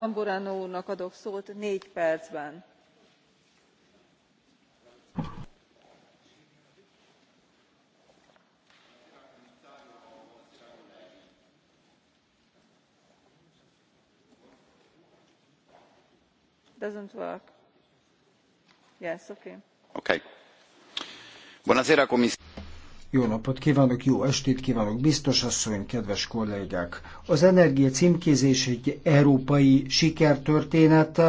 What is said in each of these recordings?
tamburrano úrnak adok szót négy percben. Doesn't work. Yes, okay. Okay. Buonasera, commissario. Jó napot kívánok, jó estét kívánok, biztos asszony, kedves kollégák! Az energia címkézés egy európai sikertörténet,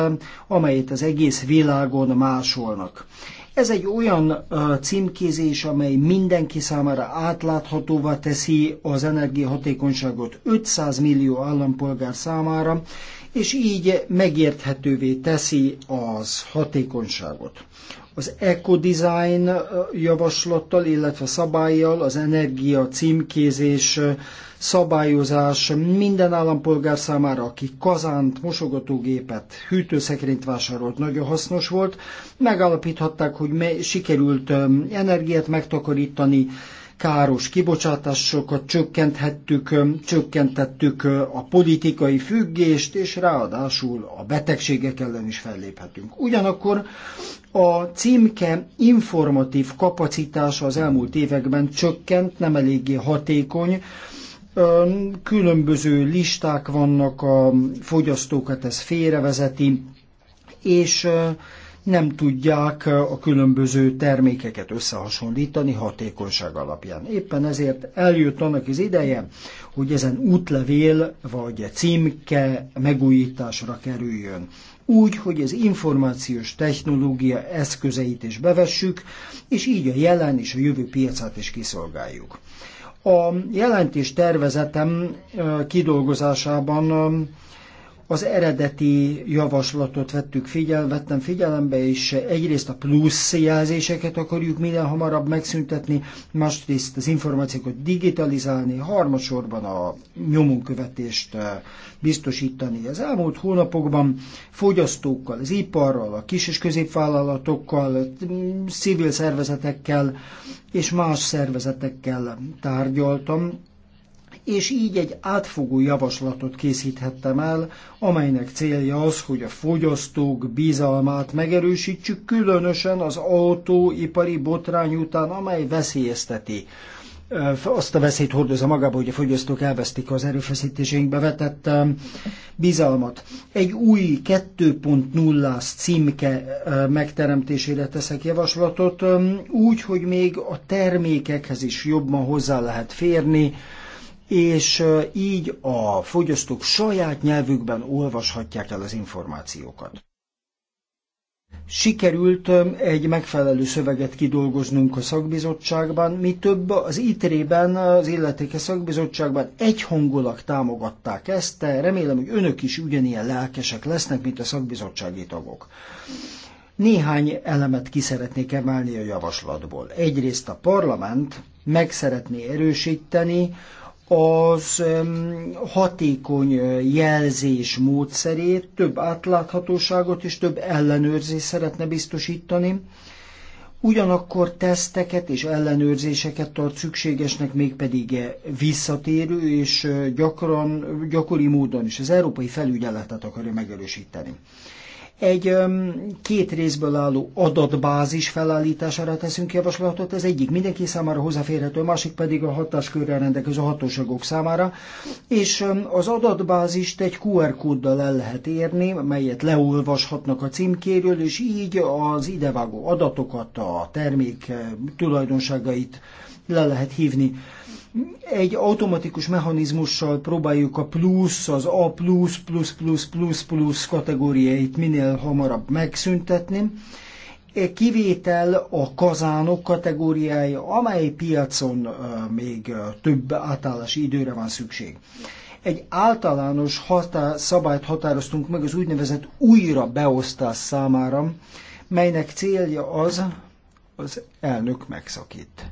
amelyet az egész világon másolnak. Ez egy olyan címkézés, amely mindenki számára átláthatóvá teszi az energiahatékonyságot 500 millió állampolgár számára, és így megérthetővé teszi az hatékonyságot. Az ecodesign javaslattal, illetve szabályjal az energia címkézés, szabályozás minden állampolgár számára, aki kazánt, mosogatógépet, hűtőszekrényt vásárolt, nagyon hasznos volt. Megállapíthatták, hogy sikerült energiát megtakarítani, káros kibocsátásokat csökkenthettük, csökkentettük a politikai függést, és ráadásul a betegségek ellen is felléphetünk. Ugyanakkor a címke informatív kapacitása az elmúlt években csökkent, nem eléggé hatékony, különböző listák vannak, a fogyasztókat ez félrevezeti, és nem tudják eh, a különböző termékeket összehasonlítani hatékonyság alapján. Éppen ezért eljött annak az ideje, hogy ezen útlevél vagy címke megújításra kerüljön úgy, hogy az információs technológia eszközeit is bevessük, és így a jelen és a jövő piacát is kiszolgáljuk. A jelentés tervezetem eh, kidolgozásában eh, az eredeti javaslatot vettük figyel, vettem figyelembe, és egyrészt a plusz jelzéseket akarjuk minél hamarabb megszüntetni, másrészt az információkat digitalizálni, harmadsorban a nyomonkövetést eh, biztosítani. Az elmúlt hónapokban fogyasztókkal, az iparral, a kis- és középvállalatokkal, mm, civil szervezetekkel és más szervezetekkel tárgyaltam, és így egy átfogó javaslatot készíthettem el, amelynek célja az, hogy a fogyasztók bizalmát megerősítsük, különösen az autóipari botrány után, amely veszélyezteti azt a veszélyt hordozza magába, hogy a fogyasztók elvesztik az erőfeszítésénkbe vetett bizalmat. Egy új 2.0-as címke megteremtésére teszek javaslatot, úgy, hogy még a termékekhez is jobban hozzá lehet férni, és így a fogyasztók saját nyelvükben olvashatják el az információkat. Sikerült egy megfelelő szöveget kidolgoznunk a szakbizottságban, mi több az ITRE-ben, az illetékes szakbizottságban egyhangulag támogatták ezt, de remélem, hogy önök is ugyanilyen lelkesek lesznek, mint a szakbizottsági tagok. Néhány elemet ki szeretnék emelni a javaslatból. Egyrészt a parlament meg szeretné erősíteni az hatékony jelzés módszerét, több átláthatóságot és több ellenőrzést szeretne biztosítani. Ugyanakkor teszteket és ellenőrzéseket tart szükségesnek, mégpedig e, visszatérő és gyakran, gyakori módon is az európai felügyeletet akarja megerősíteni. Egy két részből álló adatbázis felállítására teszünk javaslatot, ez egyik mindenki számára hozzáférhető, a másik pedig a hatáskörrel rendelkező hatóságok számára, és az adatbázist egy QR kóddal el lehet érni, melyet leolvashatnak a címkéről, és így az idevágó adatokat, a termék eh, tulajdonságait le lehet hívni egy automatikus mechanizmussal próbáljuk a plusz, az A plusz, plusz, plusz, plusz, plusz kategóriáit minél hamarabb megszüntetni. E kivétel a kazánok kategóriája, amely piacon még több átállási időre van szükség egy általános hatá- szabályt határoztunk meg az úgynevezett újra beosztás számára, melynek célja az, az elnök megszakít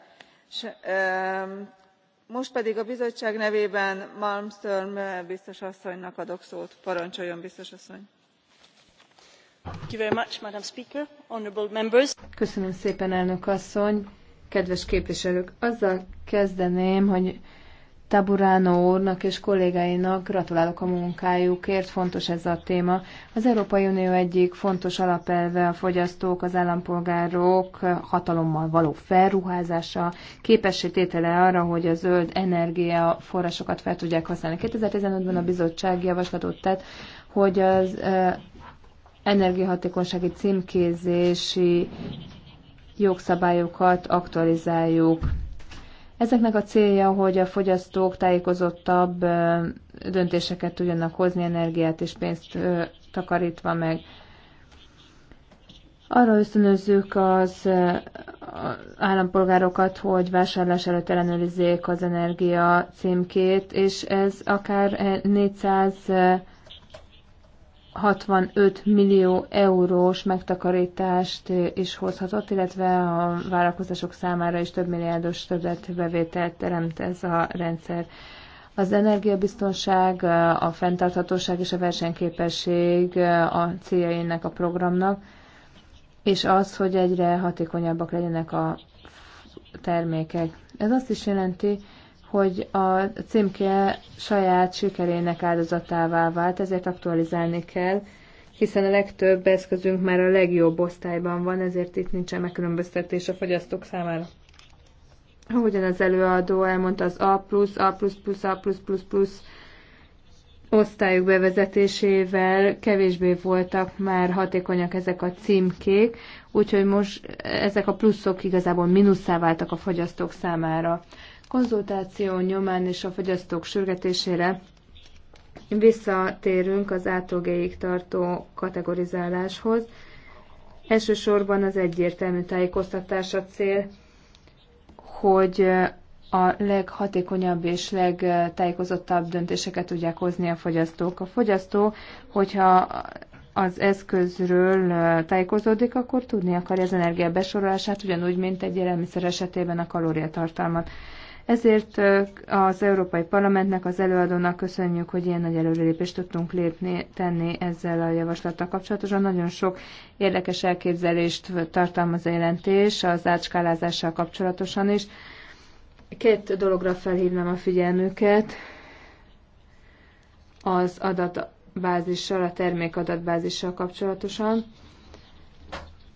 most pedig a bizottság nevében malmström eh, biztos asszonynak adok szót. parancsoljon biztos asszony! Köszönöm szépen, kedves képviselők azzal kezdeném hogy Taburano úrnak és kollégáinak gratulálok a munkájukért, fontos ez a téma. Az Európai Unió egyik fontos alapelve a fogyasztók, az állampolgárok hatalommal való felruházása, képessé tétele arra, hogy a zöld energia forrásokat fel tudják használni. 2015-ben a bizottság javaslatot tett, hogy az energiahatékonysági címkézési jogszabályokat aktualizáljuk. Ezeknek a célja, hogy a fogyasztók tájékozottabb döntéseket tudjanak hozni, energiát és pénzt takarítva meg. Arra ösztönözzük az állampolgárokat, hogy vásárlás előtt ellenőrizzék az energia címkét, és ez akár 400 65 millió eurós megtakarítást is hozhatott, illetve a vállalkozások számára is több milliárdos bevételt teremt ez a rendszer. Az energiabiztonság, a fenntarthatóság és a versenyképesség a céljainak a programnak, és az, hogy egyre hatékonyabbak legyenek a termékek. Ez azt is jelenti, hogy a címke saját sikerének áldozatává vált, ezért aktualizálni kell, hiszen a legtöbb eszközünk már a legjobb osztályban van, ezért itt nincsen megkülönböztetés a fogyasztók számára. Ahogyan az előadó elmondta, az A+, A++, A++++, osztályok bevezetésével kevésbé voltak már hatékonyak ezek a címkék, úgyhogy most ezek a pluszok igazából minusszá váltak a fogyasztók számára konzultáció nyomán és a fogyasztók sürgetésére visszatérünk az átogéig tartó kategorizáláshoz. Elsősorban az egyértelmű tájékoztatás a cél, hogy a leghatékonyabb és legtájékozottabb döntéseket tudják hozni a fogyasztók. A fogyasztó, hogyha az eszközről tájékozódik, akkor tudni akarja az energia besorolását, ugyanúgy, mint egy élelmiszer esetében a kalóriatartalmat. Ezért az Európai Parlamentnek, az előadónak köszönjük, hogy ilyen nagy előrelépést tudtunk lépni, tenni ezzel a javaslattal kapcsolatosan. Nagyon sok érdekes elképzelést tartalmaz a jelentés az átskálázással kapcsolatosan is. Két dologra felhívnám a figyelmüket. Az adatbázissal, a termékadatbázissal kapcsolatosan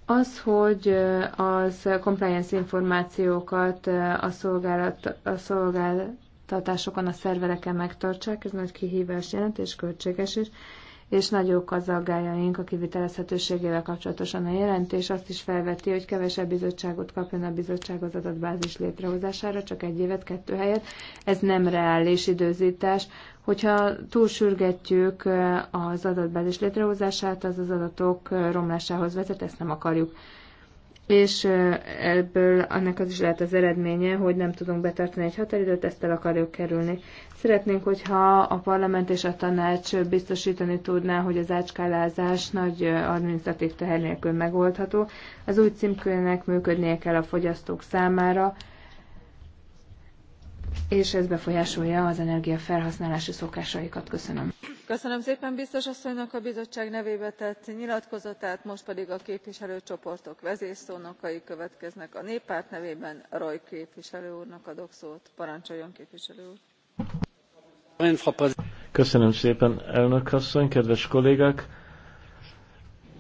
az, hogy az compliance információkat a, szolgálat, a szolgáltatásokon, a szervereken megtartsák, ez nagy kihívás jelent és költséges is és nagyok az aggájaink a kivitelezhetőségével kapcsolatosan a jelentés. Azt is felveti, hogy kevesebb bizottságot kapjon a bizottság az adatbázis létrehozására, csak egy évet, kettő helyet. Ez nem reális időzítás. Hogyha túlsürgetjük eh, az adatbázis létrehozását, az az adatok eh, romlásához vezet, ezt nem akarjuk és ebből annak az is lehet az eredménye, hogy nem tudunk betartani egy határidőt, ezt el akarjuk kerülni. Szeretnénk, hogyha a parlament és a tanács biztosítani tudná, hogy az ácskálázás nagy administratív teher nélkül megoldható. Az új címkőnek működnie kell a fogyasztók számára, és ez befolyásolja az energia felhasználási szokásaikat. Köszönöm. Köszönöm szépen biztos asszonynak a bizottság nevébe tett nyilatkozatát, most pedig a képviselőcsoportok vezérszónokai következnek. A néppárt nevében Roy képviselő úrnak adok szót. Parancsoljon képviselő úr. Köszönöm szépen, elnök asszony, kedves kollégák!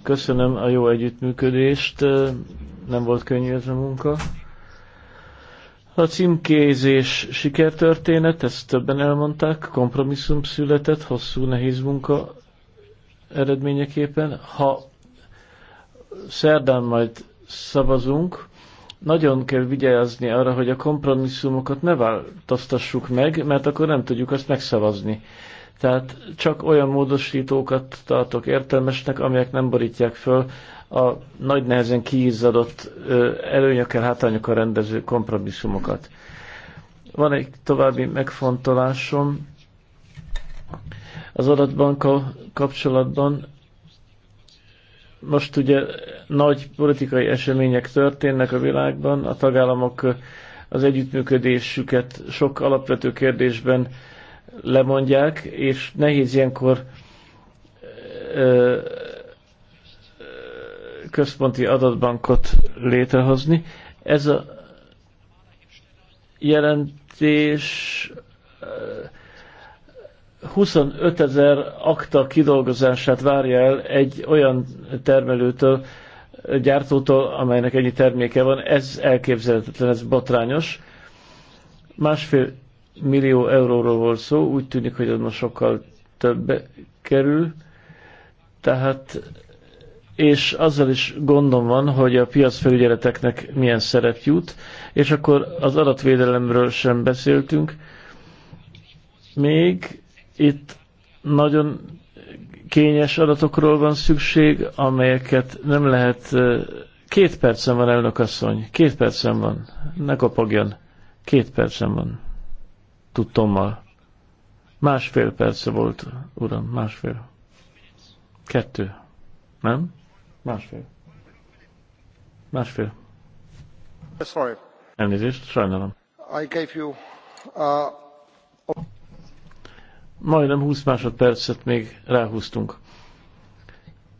Köszönöm a jó együttműködést, nem volt könnyű ez a munka. A címkézés sikertörténet, ezt többen elmondták, kompromisszum született, hosszú, nehéz munka eredményeképpen. Ha szerdán majd szavazunk, nagyon kell vigyázni arra, hogy a kompromisszumokat ne változtassuk meg, mert akkor nem tudjuk azt megszavazni. Tehát csak olyan módosítókat tartok értelmesnek, amelyek nem borítják föl a nagy nehezen kiizzadott előnyökkel, hátrányokkal rendező kompromisszumokat. Van egy további megfontolásom az adatbanka kapcsolatban. Most ugye nagy politikai események történnek a világban, a tagállamok az együttműködésüket sok alapvető kérdésben lemondják, és nehéz ilyenkor központi adatbankot létrehozni. Ez a jelentés 25 eh, ezer akta kidolgozását várja el egy olyan termelőtől, gyártótól, amelynek ennyi terméke van. Ez elképzelhetetlen, ez botrányos. Másfél millió euróról volt szó, úgy tűnik, hogy az most sokkal több kerül. Tehát és azzal is gondom van, hogy a piacfelügyeleteknek milyen szerep jut, és akkor az adatvédelemről sem beszéltünk. Még itt nagyon kényes adatokról van szükség, amelyeket nem lehet... Két percen van, elnök asszony, két percen van, ne kapogjon, két percen van, tudtommal. Másfél perce volt, uram, másfél. Kettő, nem? Másfél. Másfél. Sorry. Elnézést, sajnálom. I gave you, uh... Majdnem 20 másodpercet még ráhúztunk.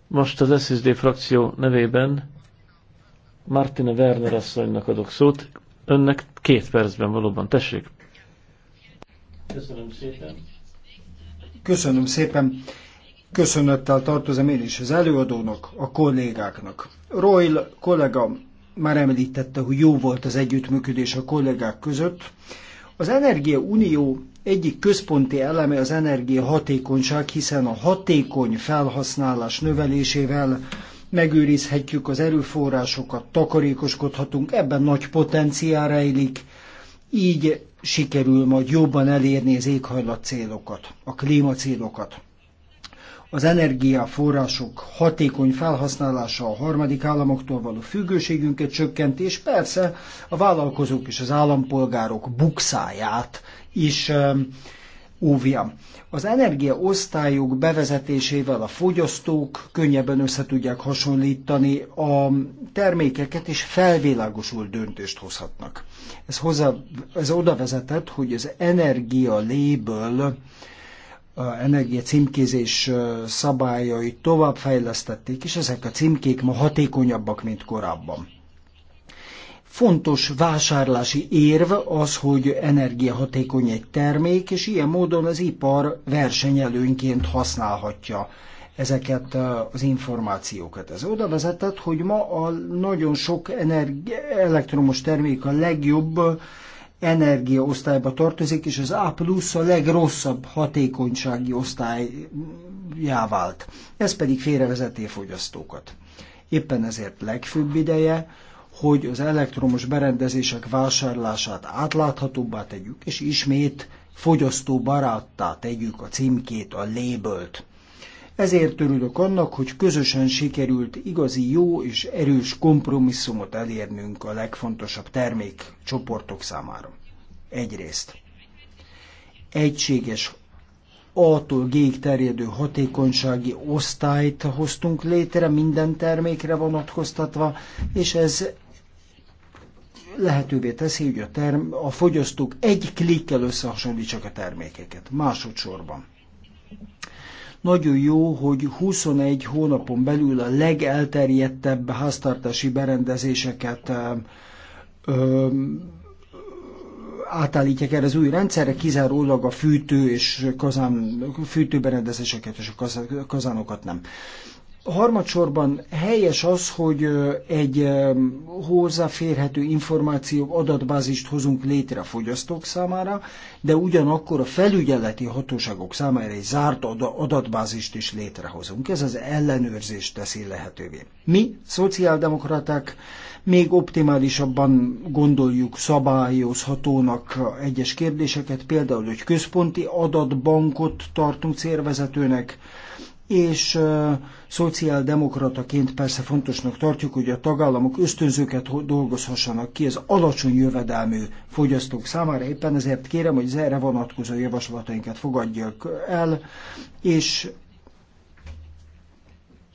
Most az SSD frakció nevében Martina Werner asszonynak adok szót. Önnek két percben valóban. Tessék. Köszönöm szépen. Köszönöm szépen. Köszönettel tartozom én is az előadónak, a kollégáknak. Royal, kollega már említette, hogy jó volt az együttműködés a kollégák között. Az Energia Unió egyik központi eleme az energia hatékonyság, hiszen a hatékony felhasználás növelésével megőrizhetjük az erőforrásokat, takarékoskodhatunk, ebben nagy potenciál rejlik, így sikerül majd jobban elérni az éghajlat célokat, a klímacélokat az energiaforrások hatékony felhasználása, a harmadik államoktól való függőségünket csökkentés, persze a vállalkozók és az állampolgárok bukszáját is óvja. Az energiaosztályok bevezetésével a fogyasztók könnyebben összetudják hasonlítani a termékeket, és felvilágosult döntést hozhatnak. Ez, hozzá, ez oda vezetett, hogy az energia léből energia címkézés szabályait továbbfejlesztették, és ezek a címkék ma hatékonyabbak, mint korábban. Fontos vásárlási érv az, hogy energiahatékony egy termék, és ilyen módon az ipar versenyelőnként használhatja ezeket az információkat. Ez oda vezetett, hogy ma a nagyon sok energi- elektromos termék a legjobb energiaosztályba tartozik, és az A plusz a legrosszabb hatékonysági osztályjá mm, vált. Ez pedig félrevezeti a fogyasztókat. Éppen ezért legfőbb ideje, hogy az elektromos berendezések vásárlását átláthatóbbá tegyük, és ismét fogyasztóbaráttá tegyük a címkét, a lébölt. Ezért örülök annak, hogy közösen sikerült igazi jó és erős kompromisszumot elérnünk a legfontosabb termék csoportok számára. Egyrészt egységes A-tól G-ig terjedő hatékonysági osztályt hoztunk létre minden termékre vonatkoztatva, és ez lehetővé teszi, hogy a, term- a fogyasztók egy klikkel összehasonlítsak a termékeket. Másodszorban nagyon jó, hogy 21 hónapon belül a legelterjedtebb háztartási berendezéseket ö, átállítják erre az új rendszerre, kizárólag a fűtő és kazán, fűtőberendezéseket és a kazánokat nem. Harmadsorban helyes az, hogy egy hozzáférhető információ adatbázist hozunk létre a fogyasztók számára, de ugyanakkor a felügyeleti hatóságok számára egy zárt adatbázist is létrehozunk. Ez az ellenőrzést teszi lehetővé. Mi, szociáldemokraták, még optimálisabban gondoljuk szabályozhatónak egyes kérdéseket, például, hogy központi adatbankot tartunk célvezetőnek, és uh, szociáldemokrataként persze fontosnak tartjuk, hogy a tagállamok ösztönzőket dolgozhassanak ki az alacsony jövedelmű fogyasztók számára. Éppen ezért kérem, hogy az erre vonatkozó javaslatainkat fogadják el, és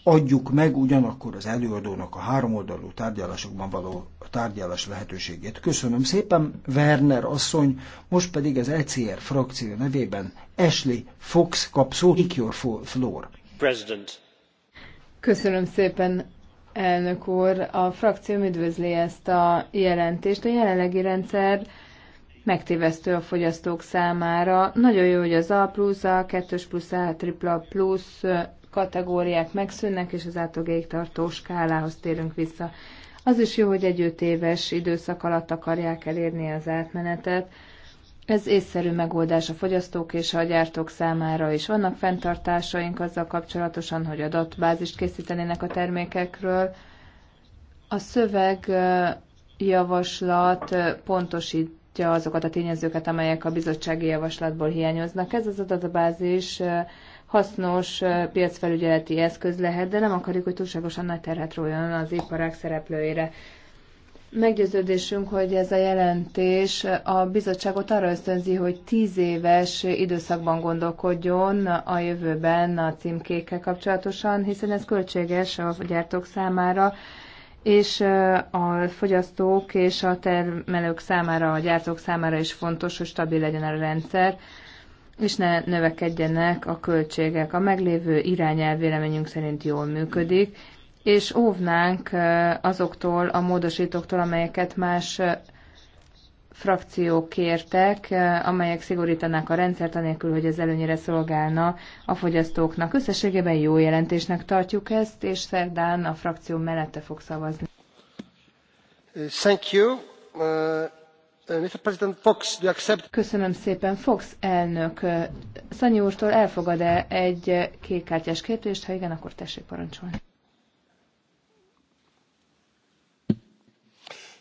adjuk meg ugyanakkor az előadónak a háromoldalú tárgyalásokban való tárgyalás lehetőségét. Köszönöm szépen, Werner asszony, most pedig az ECR frakció nevében Ashley Fox kap szót, Your Floor. Köszönöm szépen, elnök úr. A frakcióm üdvözli ezt a jelentést. A jelenlegi rendszer megtévesztő a fogyasztók számára. Nagyon jó, hogy az A plusz, a 2 plusz, a tripla plusz kategóriák megszűnnek, és az átogéig tartó skálához térünk vissza. Az is jó, hogy egy öt éves időszak alatt akarják elérni az átmenetet. Ez észszerű megoldás a fogyasztók és a gyártók számára is. Vannak fenntartásaink azzal kapcsolatosan, hogy adatbázist készítenének a termékekről. A szöveg javaslat pontosítja azokat a tényezőket, amelyek a bizottsági javaslatból hiányoznak. Ez az adatbázis hasznos piacfelügyeleti eszköz lehet, de nem akarjuk, hogy túlságosan nagy terhet róljon az iparák szereplőire. Meggyőződésünk, hogy ez a jelentés a bizottságot arra ösztönzi, hogy tíz éves időszakban gondolkodjon a jövőben a címkékkel kapcsolatosan, hiszen ez költséges a gyártók számára, és a fogyasztók és a termelők számára, a gyártók számára is fontos, hogy stabil legyen a rendszer, és ne növekedjenek a költségek. A meglévő irányelv véleményünk szerint jól működik, és óvnánk azoktól a módosítóktól, amelyeket más frakciók kértek, amelyek szigorítanák a rendszert, anélkül, hogy ez előnyére szolgálna a fogyasztóknak. Összességében jó jelentésnek tartjuk ezt, és szerdán a frakció mellette fog szavazni. Thank you. Uh... uh Fox, Köszönöm szépen, Fox elnök. Szanyi úrtól elfogad-e egy kékkártyás kérdést? Ha igen, akkor tessék parancsolni.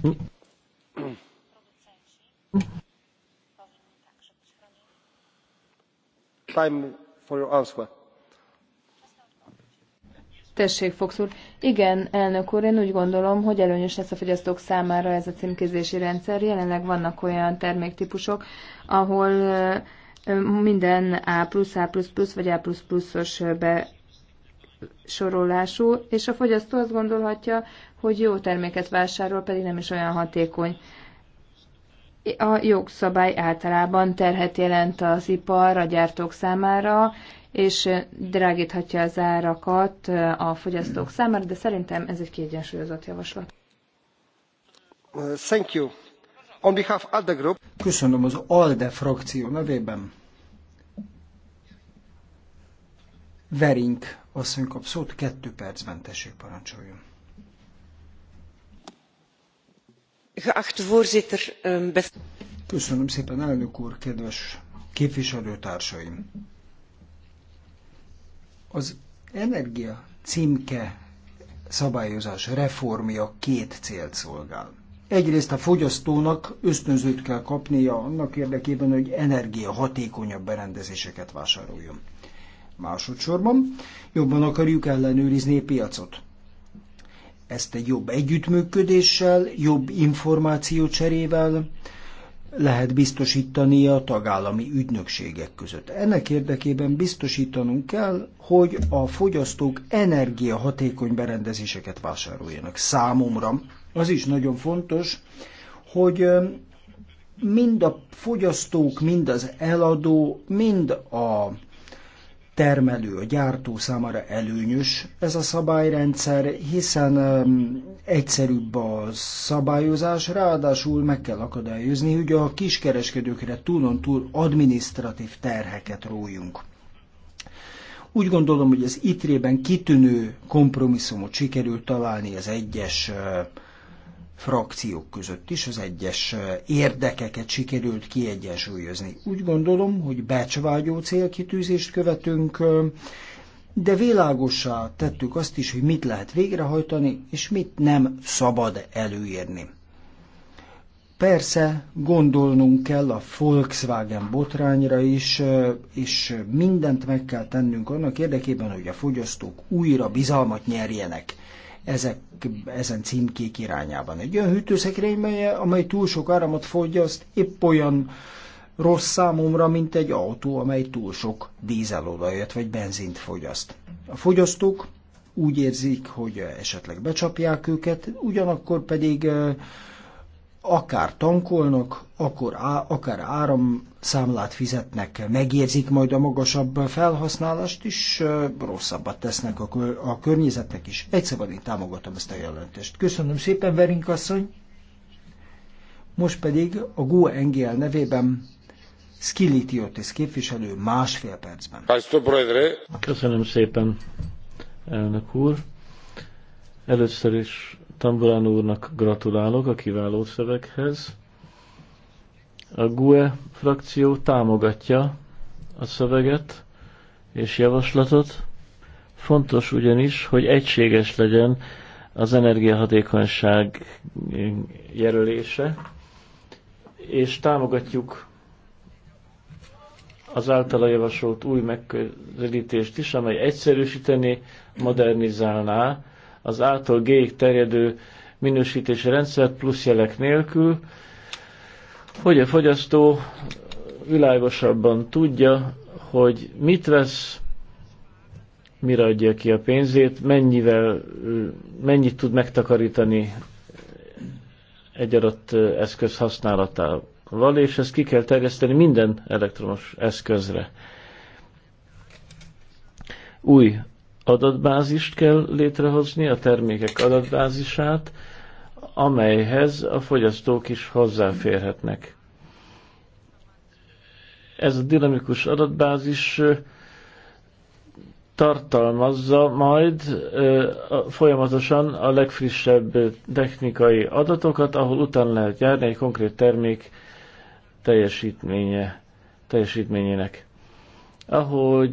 Time for your answer. Tessék, Fox úr. Igen, elnök úr, én úgy gondolom, hogy előnyös lesz a fogyasztók számára ez a címkézési rendszer. Jelenleg vannak olyan terméktípusok, ahol minden A+, A++ vagy A++-os be sorolású, és a fogyasztó azt gondolhatja, hogy jó terméket vásárol, pedig nem is olyan hatékony. A jogszabály általában terhet jelent az ipar a gyártók számára, és drágíthatja az árakat a fogyasztók számára, de szerintem ez egy kiegyensúlyozott javaslat. Thank you. On behalf of the group. Köszönöm az ALDE frakció nevében. Verink asszony kap szót, kettő percben tessék parancsoljon. Ehm, Köszönöm szépen, elnök úr, kedves képviselőtársaim! Az energia címke szabályozás reformja két célt szolgál. Egyrészt a fogyasztónak ösztönzőt kell kapnia annak érdekében, hogy energia hatékonyabb berendezéseket vásároljon. Másodszorban jobban akarjuk ellenőrizni a piacot. Ezt egy jobb együttműködéssel, jobb cserével lehet biztosítani a tagállami ügynökségek között. Ennek érdekében biztosítanunk kell, hogy a fogyasztók energiahatékony berendezéseket vásároljanak. Számomra az is nagyon fontos, hogy mind a fogyasztók, mind az eladó, mind a termelő, a gyártó számára előnyös ez a szabályrendszer, hiszen um, egyszerűbb a szabályozás, ráadásul meg kell akadályozni, hogy a kiskereskedőkre túlontúl adminisztratív terheket rójunk. Úgy gondolom, hogy az ITRE-ben kitűnő kompromisszumot sikerült találni az egyes uh, frakciók között is az egyes érdekeket sikerült kiegyensúlyozni. Úgy gondolom, hogy becsvágyó célkitűzést követünk, de világosá tettük azt is, hogy mit lehet végrehajtani, és mit nem szabad előírni. Persze gondolnunk kell a Volkswagen botrányra is, és mindent meg kell tennünk annak érdekében, hogy a fogyasztók újra bizalmat nyerjenek ezek, ezen címkék irányában. Egy olyan hűtőszekrény, mely, amely túl sok áramot fogyaszt, épp olyan rossz számomra, mint egy autó, amely túl sok dízelolajat vagy benzint fogyaszt. A fogyasztók úgy érzik, hogy esetleg becsapják őket, ugyanakkor pedig akár tankolnak, akkor á, akár áramszámlát fizetnek, megérzik majd a magasabb felhasználást is, rosszabbat tesznek a, a környezetnek is. Egyszerűen én támogatom ezt a jelentést. Köszönöm szépen, Verink asszony! Most pedig a Go e NGL nevében Skilitiotis képviselő másfél percben. Köszönöm szépen, elnök úr. Először is Tamburán úrnak gratulálok a kiváló szöveghez. A GUE frakció támogatja a szöveget és javaslatot. Fontos ugyanis, hogy egységes legyen az energiahatékonyság jelölése, és támogatjuk az általa javasolt új megközelítést is, amely egyszerűsíteni, modernizálná az A-tól G-ig terjedő minősítési rendszer plusz jelek nélkül, hogy a fogyasztó világosabban tudja, hogy mit vesz, mire adja ki a pénzét, mennyivel, mennyit tud megtakarítani egy adott eszköz használatával, és ezt ki kell terjeszteni minden elektromos eszközre. Új adatbázist kell létrehozni, a termékek adatbázisát, amelyhez a fogyasztók is hozzáférhetnek. Ez a dinamikus adatbázis tartalmazza majd folyamatosan a legfrissebb technikai adatokat, ahol utána lehet járni egy konkrét termék teljesítménye, teljesítményének. Ahogy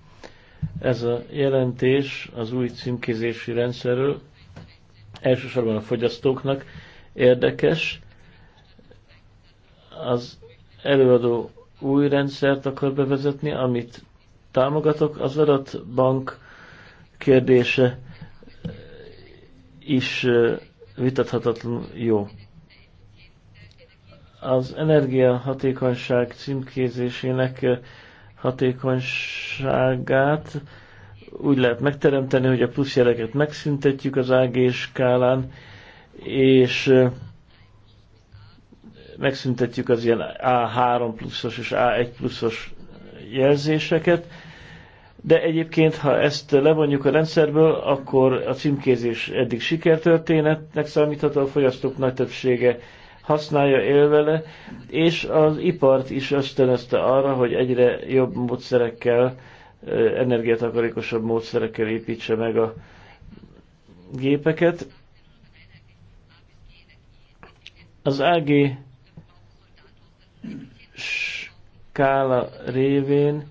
ez a jelentés az új címkézési rendszerről elsősorban a fogyasztóknak érdekes. Az előadó új rendszert akar bevezetni, amit támogatok, az adatbank kérdése is vitathatatlan jó. Az energiahatékonyság címkézésének hatékonyságát úgy lehet megteremteni, hogy a plusz jeleket megszüntetjük az AG skálán, és megszüntetjük az ilyen A3 pluszos és A1 pluszos jelzéseket, de egyébként, ha ezt levonjuk a rendszerből, akkor a címkézés eddig sikertörténetnek számítható, a fogyasztók nagy többsége használja, él vele, és az ipart is ösztönözte arra, hogy egyre jobb módszerekkel, energiatakarékosabb módszerekkel építse meg a gépeket. Az AG skála révén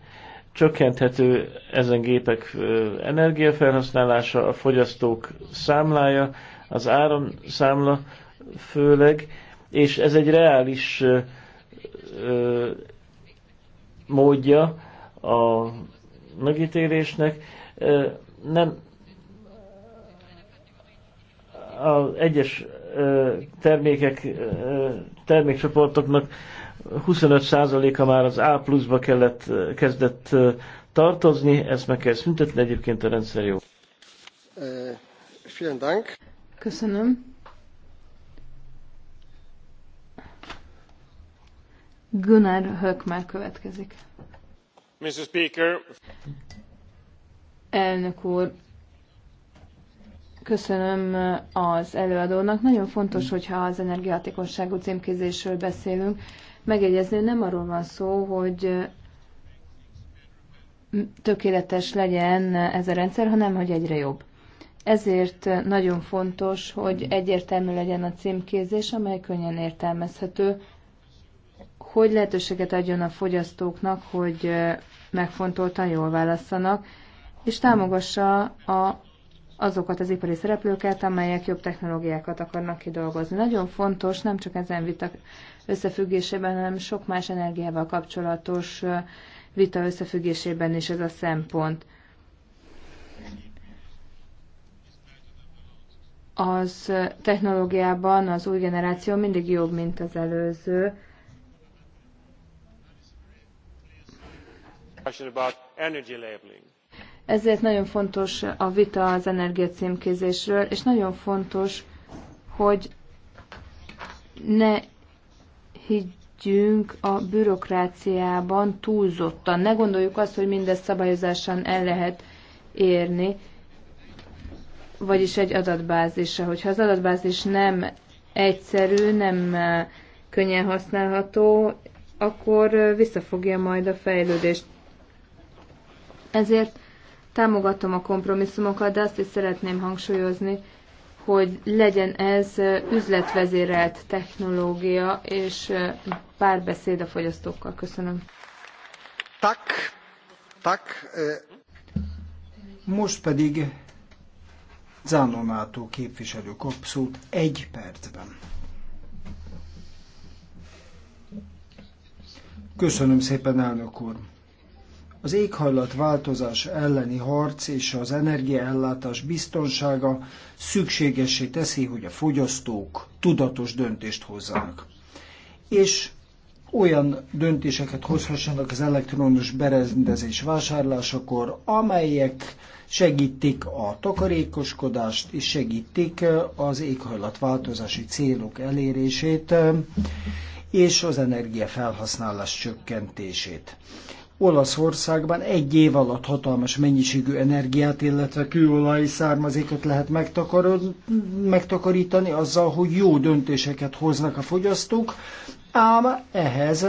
csökkenthető ezen gépek energiafelhasználása, a fogyasztók számlája, az áramszámla főleg, és ez egy reális módja a megítélésnek. Nem az egyes termékek, termékcsoportoknak 25%-a már az A pluszba kellett, kezdett tartozni, ezt meg kell szüntetni, egyébként a rendszer jó. Köszönöm. Gunnar Hökmer következik. Mr. Speaker. Elnök úr, köszönöm az előadónak. Nagyon fontos, hogyha az energiahatékonyságú címkézésről beszélünk, megjegyezni, hogy nem arról van szó, hogy tökéletes legyen ez a rendszer, hanem hogy egyre jobb. Ezért nagyon fontos, hogy egyértelmű legyen a címkézés, amely könnyen értelmezhető, hogy lehetőséget adjon a fogyasztóknak, hogy megfontoltan jól válasszanak, és támogassa a, azokat az ipari szereplőket, amelyek jobb technológiákat akarnak kidolgozni. Nagyon fontos, nem csak ezen vita összefüggésében, hanem sok más energiával kapcsolatos vita összefüggésében is ez a szempont. Az technológiában az új generáció mindig jobb, mint az előző, Ezért nagyon fontos a vita az energiacímkézésről, és nagyon fontos, hogy ne higgyünk a bürokráciában túlzottan. Ne gondoljuk azt, hogy mindezt szabályozásan el lehet érni, vagyis egy adatbázisra. Hogyha az adatbázis nem egyszerű, nem eh, könnyen használható, akkor eh, visszafogja majd a fejlődést. Ezért támogatom a kompromisszumokat, de azt is szeretném hangsúlyozni, hogy legyen ez üzletvezérelt technológia és párbeszéd a fogyasztókkal. Köszönöm. Tak, tak. Most pedig Zánonátó képviselő kap szót egy percben. Köszönöm szépen, elnök úr. Az éghajlatváltozás elleni harc és az energiaellátás biztonsága szükségessé teszi, hogy a fogyasztók tudatos döntést hozzanak. És olyan döntéseket hozhassanak az elektronos berendezés vásárlásakor, amelyek segítik a takarékoskodást és segítik az éghajlatváltozási célok elérését és az energiafelhasználás csökkentését. Olaszországban egy év alatt hatalmas mennyiségű energiát, illetve kőolaj származékot lehet megtakarítani azzal, hogy jó döntéseket hoznak a fogyasztók, ám ehhez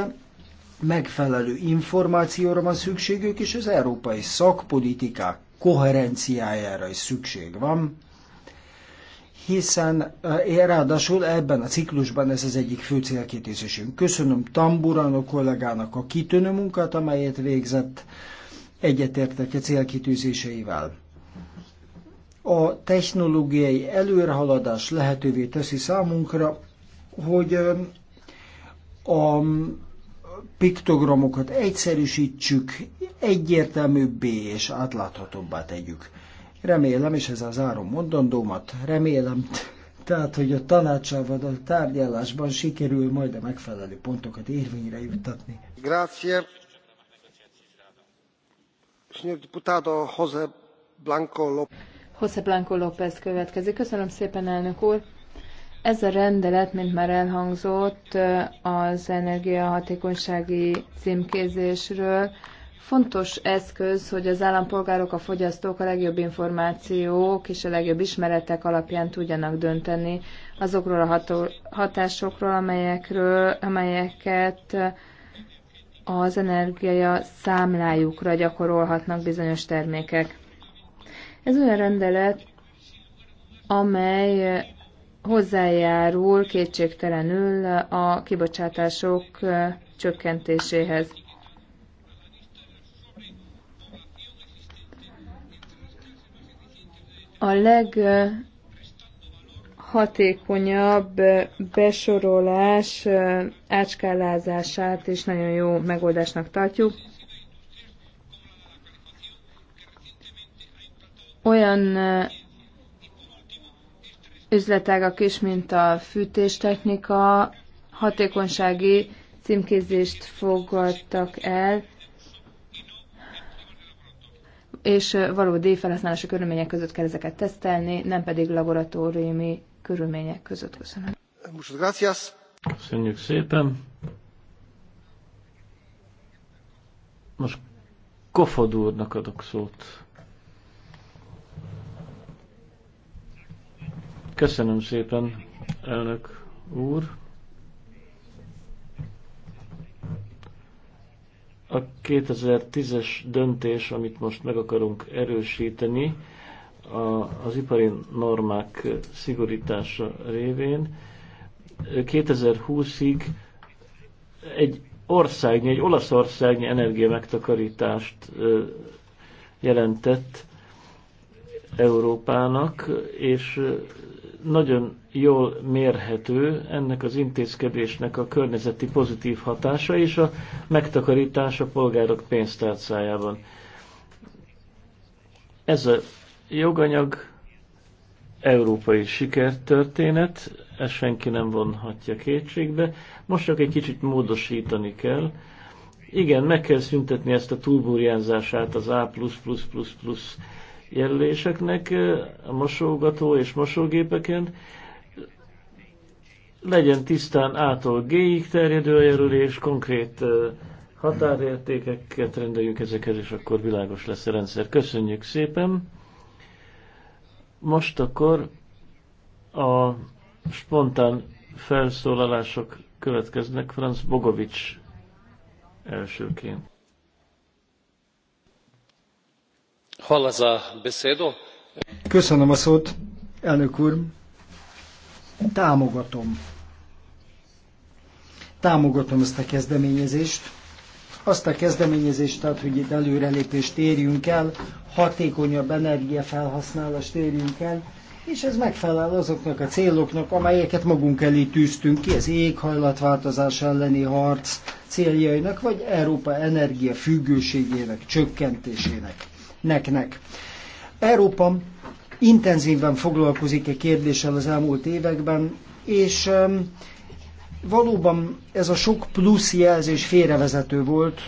megfelelő információra van szükségük, és az európai szakpolitikák koherenciájára is szükség van hiszen eh, eh, ráadásul ebben a ciklusban ez az egyik fő célkitűzésünk. Köszönöm Tamburano kollégának a kitűnő munkát, amelyet végzett, egyetértek a célkitűzéseivel. A technológiai előrehaladás lehetővé teszi számunkra, hogy eh, a piktogramokat egyszerűsítsük, egyértelműbbé és átláthatóbbá tegyük. Remélem, és az zárom mondandómat, remélem, tehát, hogy a tanácsával a tárgyalásban sikerül majd a megfelelő pontokat érvényre juttatni. Grazie. Signor deputato José Blanco López. José Blanco López következik. Köszönöm szépen, elnök úr. Ez a rendelet, mint már elhangzott, az energiahatékonysági címkézésről Fontos eszköz, hogy az állampolgárok, a fogyasztók a legjobb információk és a legjobb ismeretek alapján tudjanak dönteni azokról a ható, hatásokról, amelyekről, amelyeket az energia számlájukra gyakorolhatnak bizonyos termékek. Ez olyan rendelet, amely hozzájárul kétségtelenül a kibocsátások csökkentéséhez. a leghatékonyabb besorolás ácskálázását is nagyon jó megoldásnak tartjuk. Olyan üzletágak is, mint a fűtéstechnika, hatékonysági címkézést fogadtak el, és valódi felhasználási körülmények között kell ezeket tesztelni, nem pedig laboratóriumi körülmények között. Köszönöm. Köszönjük szépen. Most Kofod úrnak adok szót. Köszönöm szépen, elnök úr. A 2010-es döntés, amit most meg akarunk erősíteni, a, az ipari normák szigorítása révén 2020-ig egy országnyi, egy olaszországnyi energiamegtakarítást jelentett Európának, és nagyon jól mérhető ennek az intézkedésnek a környezeti pozitív hatása és a megtakarítás a polgárok pénztárcájában. Ez a joganyag európai sikertörténet, ezt senki nem vonhatja kétségbe. Most csak egy kicsit módosítani kell. Igen, meg kell szüntetni ezt a túlburjánzását az A+++ jelöléseknek eh, a mosógató és mosógépeken. Legyen tisztán ától G-ig terjedő a jelölés, konkrét eh, határértékeket rendeljünk ezekhez, és akkor világos lesz a rendszer. Köszönjük szépen! Most akkor a spontán felszólalások következnek. Franz Bogovics elsőként. Köszönöm a szót, elnök úr. Támogatom. Támogatom ezt a kezdeményezést. Azt a kezdeményezést, tehát, hogy itt előrelépést érjünk el, hatékonyabb energiafelhasználást érjünk el, és ez megfelel azoknak a céloknak, amelyeket magunk elé tűztünk ki, az éghajlatváltozás elleni harc céljainak, vagy Európa energia függőségének csökkentésének neknek. Európa intenzíven foglalkozik egy kérdéssel az elmúlt években, és valóban ez a sok plusz jelzés félrevezető volt,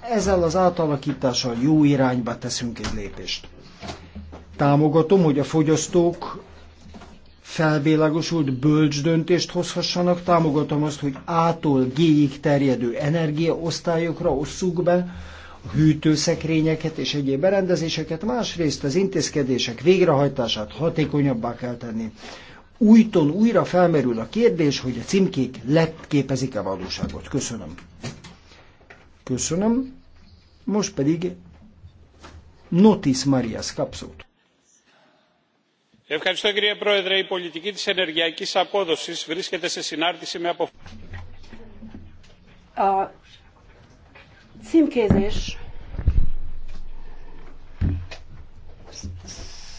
ezzel az átalakítással jó irányba teszünk egy lépést. Támogatom, hogy a fogyasztók felvilágosult bölcs döntést hozhassanak, támogatom azt, hogy ától tól G-ig terjedő energiaosztályokra osszuk be hűtőszekrényeket és egyéb berendezéseket, másrészt az intézkedések végrehajtását hatékonyabbá kell tenni. Újton újra felmerül a kérdés, hogy a címkék lett képezik a valóságot. Köszönöm. Köszönöm. Most pedig Notis Marias kapszót. Ευχαριστώ κύριε Πρόεδρε. Η πολιτική της ενεργειακής απόδοσης βρίσκεται σε συνάρτηση με αποφάσεις címkézés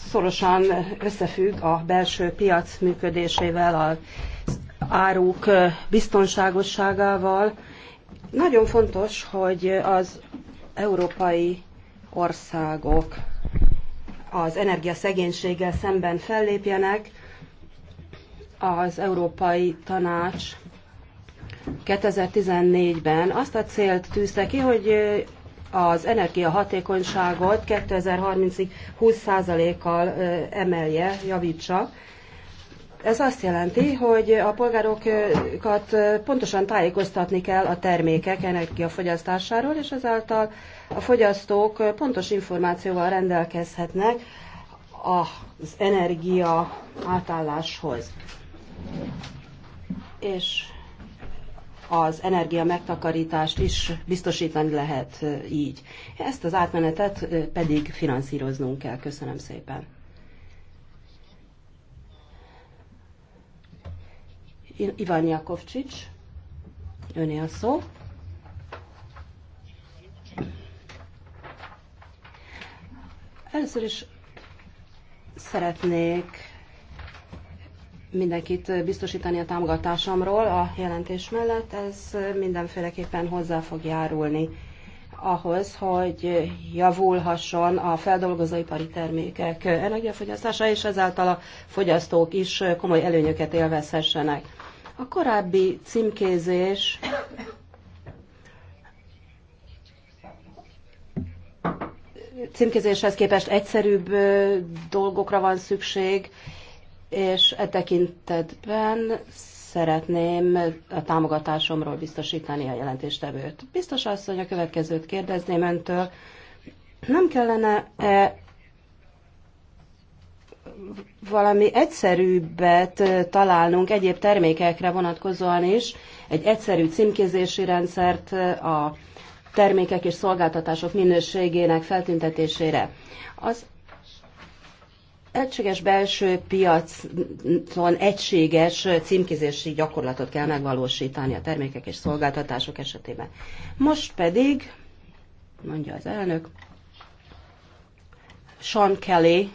szorosan összefügg a belső piac működésével, a áruk biztonságosságával. Nagyon fontos, hogy az európai országok az energiaszegénységgel szemben fellépjenek. Az Európai Tanács 2014-ben azt a célt tűzte ki, hogy az energiahatékonyságot 2030-ig 20%-kal emelje, javítsa. Ez azt jelenti, hogy a polgárokat pontosan tájékoztatni kell a termékek energiafogyasztásáról, és ezáltal a fogyasztók pontos információval rendelkezhetnek az energia átálláshoz. És az energia megtakarítást is biztosítani lehet így. Ezt az átmenetet pedig finanszíroznunk kell. Köszönöm szépen. Iván Jakovcsics, öné a szó. Először is szeretnék mindenkit biztosítani a támogatásomról a jelentés mellett. Ez mindenféleképpen hozzá fog járulni ahhoz, hogy javulhasson a feldolgozóipari termékek energiafogyasztása, és ezáltal a fogyasztók is komoly előnyöket élvezhessenek. A korábbi címkézés címkézéshez képest egyszerűbb dolgokra van szükség, és e tekintetben szeretném a támogatásomról biztosítani a jelentéstevőt. Biztos hogy a következőt kérdezném öntől. Nem kellene -e valami egyszerűbbet találnunk egyéb termékekre vonatkozóan is, egy egyszerű címkézési rendszert a termékek és szolgáltatások minőségének feltüntetésére. Az egységes belső piacon egységes címkézési gyakorlatot kell megvalósítani a termékek és szolgáltatások esetében. Most pedig, mondja az elnök, Sean Kelly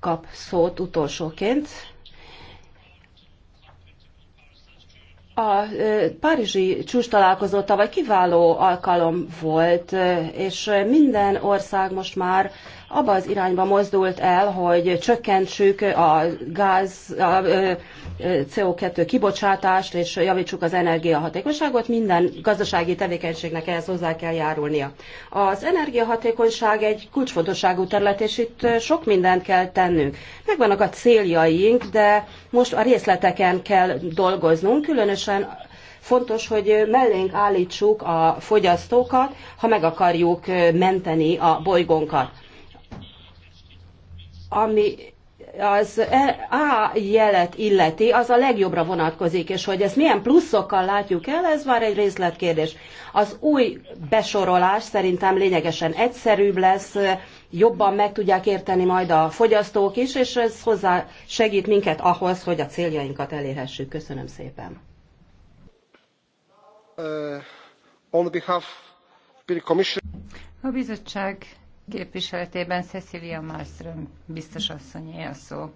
kap szót utolsóként. A párizsi csúcs találkozó tavaly kiváló alkalom volt, és minden ország most már abba az irányba mozdult el, hogy csökkentsük a gáz, a CO2 kibocsátást, és javítsuk az energiahatékonyságot, minden gazdasági tevékenységnek ehhez hozzá kell járulnia. Az energiahatékonyság egy kulcsfontosságú terület, és itt sok mindent kell tennünk. Megvannak a céljaink, de most a részleteken kell dolgoznunk, különösen fontos, hogy mellénk állítsuk a fogyasztókat, ha meg akarjuk menteni a bolygónkat ami az e, A jelet illeti, az a legjobbra vonatkozik, és hogy ezt milyen pluszokkal látjuk el, ez már egy részletkérdés. Az új besorolás szerintem lényegesen egyszerűbb lesz, jobban meg tudják érteni majd a fogyasztók is, és ez hozzá segít minket ahhoz, hogy a céljainkat elérhessük. Köszönöm szépen. Uh, on behalf of the Commission... A bizottság képviseletében Cecilia Malmström biztos asszonyé a szó.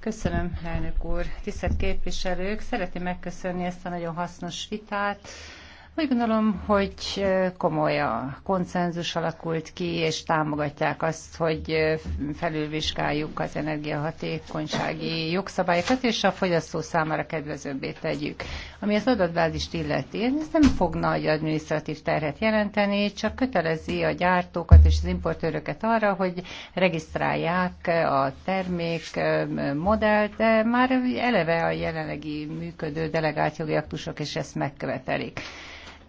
Köszönöm, elnök úr. Tisztelt képviselők, szeretném megköszönni ezt a nagyon hasznos vitát. Úgy gondolom, hogy komoly a konszenzus alakult ki, és támogatják azt, hogy felülvizsgáljuk az energiahatékonysági jogszabályokat, és a fogyasztó számára kedvezőbbé tegyük. Ami az adatbázist illeti, ez nem fog nagy adminisztratív terhet jelenteni, csak kötelezi a gyártókat és az importőröket arra, hogy regisztrálják a termék modellt, de már eleve a jelenlegi működő delegált jogi aktusok is ezt megkövetelik.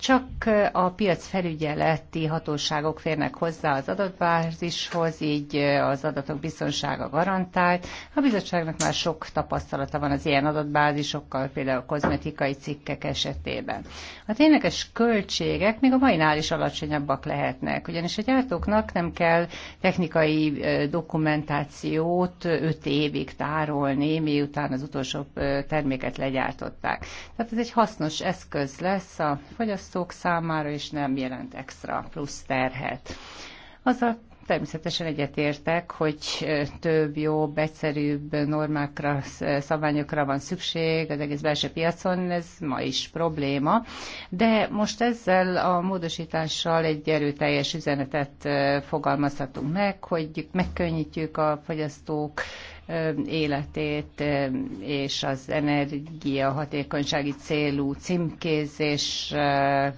Csak a piac felügyeleti hatóságok férnek hozzá az adatbázishoz, így az adatok biztonsága garantált. A bizottságnak már sok tapasztalata van az ilyen adatbázisokkal, például a kozmetikai cikkek esetében. A tényleges költségek még a nál is alacsonyabbak lehetnek, ugyanis a gyártóknak nem kell technikai dokumentációt öt évig tárolni, miután az utolsó terméket legyártották. Tehát ez egy hasznos eszköz lesz a fogyasztó fogyasztók számára, és nem jelent extra plusz terhet. Az a természetesen egyetértek, hogy több, jobb, egyszerűbb normákra, szabványokra van szükség az egész belső piacon, ez ma is probléma, de most ezzel a módosítással egy erőteljes üzenetet fogalmazhatunk meg, hogy megkönnyítjük a fogyasztók életét és az energiahatékonysági célú címkézéssel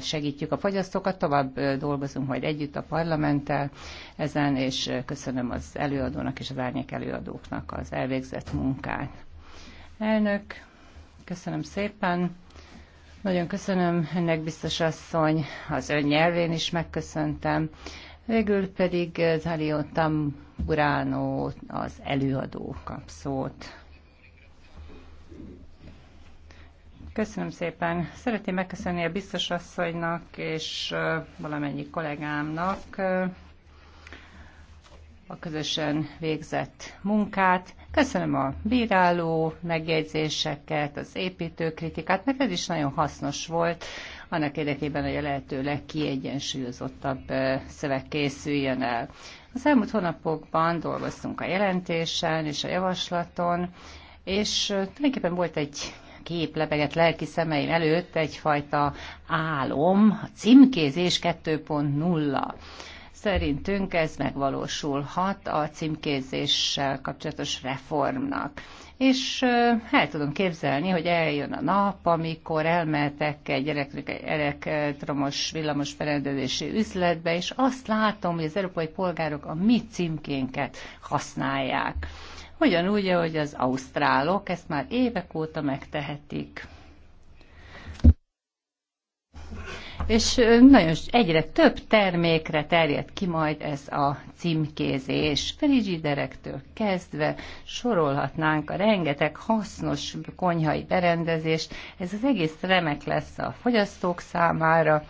segítjük a fogyasztókat. Tovább dolgozunk majd együtt a parlamenttel ezen, és köszönöm az előadónak és az árnyék előadóknak az elvégzett munkát. Elnök, köszönöm szépen. Nagyon köszönöm önnek, biztos asszony, az ön nyelvén is megköszöntem. Végül pedig eh, Zalio Tamburano az előadó kap szót. Köszönöm szépen. Szeretném megköszönni a biztos asszonynak és eh, valamennyi kollégámnak eh, a közösen végzett munkát. Köszönöm a bíráló megjegyzéseket, az építőkritikát, mert ez is nagyon hasznos volt annak érdekében, hogy a lehető legkiegyensúlyozottabb szöveg készüljön el. Az elmúlt hónapokban dolgoztunk a jelentésen és a javaslaton, és tulajdonképpen volt egy kép lebegett lelki szemeim előtt egyfajta álom, a címkézés 2.0. Szerintünk ez megvalósulhat a címkézéssel kapcsolatos reformnak és el tudom képzelni, hogy eljön a nap, amikor elmehetek egy elektromos villamos berendezési üzletbe, és azt látom, hogy az európai polgárok a mi címkénket használják. Ugyanúgy, ahogy az ausztrálok ezt már évek óta megtehetik. és nagyon egyre több termékre terjed ki majd ez a címkézés. Frigiderektől kezdve sorolhatnánk a rengeteg hasznos konyhai berendezést. Ez az egész remek lesz a fogyasztók számára.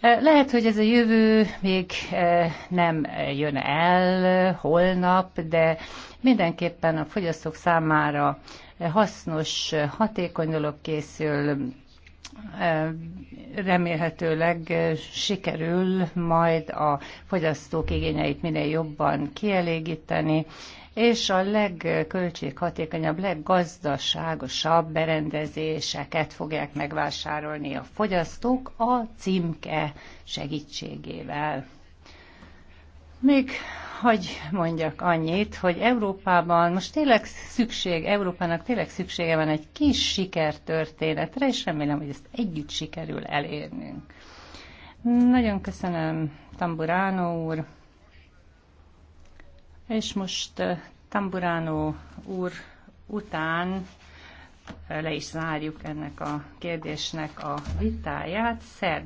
Lehet, hogy ez a jövő még nem jön el holnap, de mindenképpen a fogyasztók számára hasznos, hatékony dolog készül, remélhetőleg sikerül majd a fogyasztók igényeit minél jobban kielégíteni, és a legköltséghatékonyabb, leggazdaságosabb berendezéseket fogják megvásárolni a fogyasztók a címke segítségével. Még hagy mondjak annyit, hogy Európában most tényleg szükség, Európának tényleg szüksége van egy kis sikertörténetre, és remélem, hogy ezt együtt sikerül elérnünk. Nagyon köszönöm, Tamburánó úr. És most eh, Tamburánó úr után eh, le is zárjuk ennek a kérdésnek a vitáját. Szerd